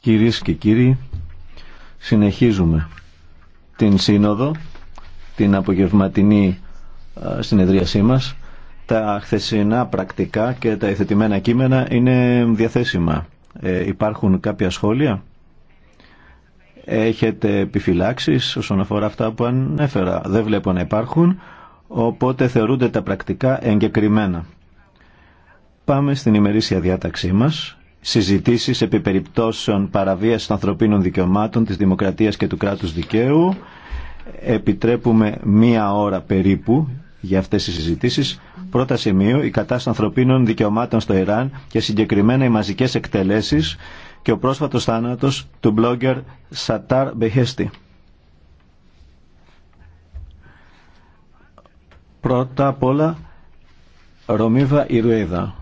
Κυρίε και κύριοι, συνεχίζουμε την σύνοδο, την απογευματινή συνεδρίασή μας. Τα χθεσινά πρακτικά και τα εθετημένα κείμενα είναι διαθέσιμα. Ε, υπάρχουν κάποια σχόλια. Έχετε επιφυλάξεις όσον αφορά αυτά που ανέφερα. Δεν βλέπω να υπάρχουν, οπότε θεωρούνται τα πρακτικά εγκεκριμένα. Πάμε στην ημερήσια διάταξή μας. Συζητήσεις επί περιπτώσεων παραβίασης των ανθρωπίνων δικαιωμάτων, της δημοκρατίας και του κράτους δικαίου. Επιτρέπουμε μία ώρα περίπου για αυτές τις συζητήσεις. Πρώτα σημείο, η κατάσταση ανθρωπίνων δικαιωμάτων στο Ιράν και συγκεκριμένα οι μαζικές εκτελέσεις και ο πρόσφατος θάνατος του blogger Σατάρ Μπεχέστη. Πρώτα απ' όλα, Ρωμίβα Ιρουέδα.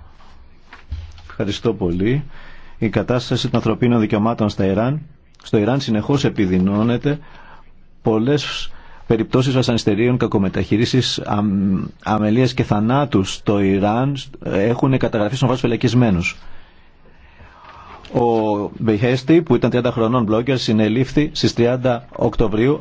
Ευχαριστώ πολύ. Η κατάσταση των ανθρωπίνων δικαιωμάτων στα Ιράν, στο Ιράν συνεχώς επιδεινώνεται. Πολλές περιπτώσεις βασανιστερίων, κακομεταχείρισης, αμελίες και θανάτους στο Ιράν έχουν καταγραφεί στον φυλακισμένους. Ο Μπεχέστη που ήταν 30 χρονών blogger συνελήφθη στις 30 Οκτωβρίου